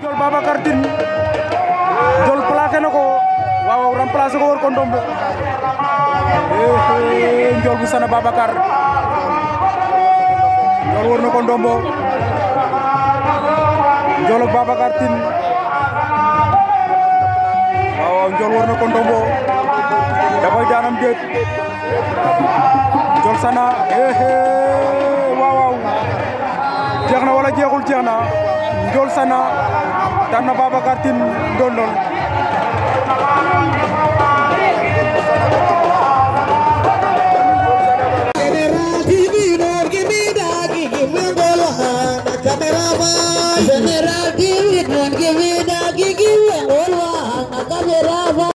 Ndiol Babacar Tine Ndiol plaqué na ko waaw remplacé ko war ko ndombo eh, eh, Ndiol bu sana Babacar Ndiol war na ko ndombo Ndiol Babacar Tine waaw Ndiol war na ko ndombo da koy daanam déet sana eh, waaw waaw jeex na wala jeexul jeex na Ndiol Sana daan na Babacar Tine Ndondol General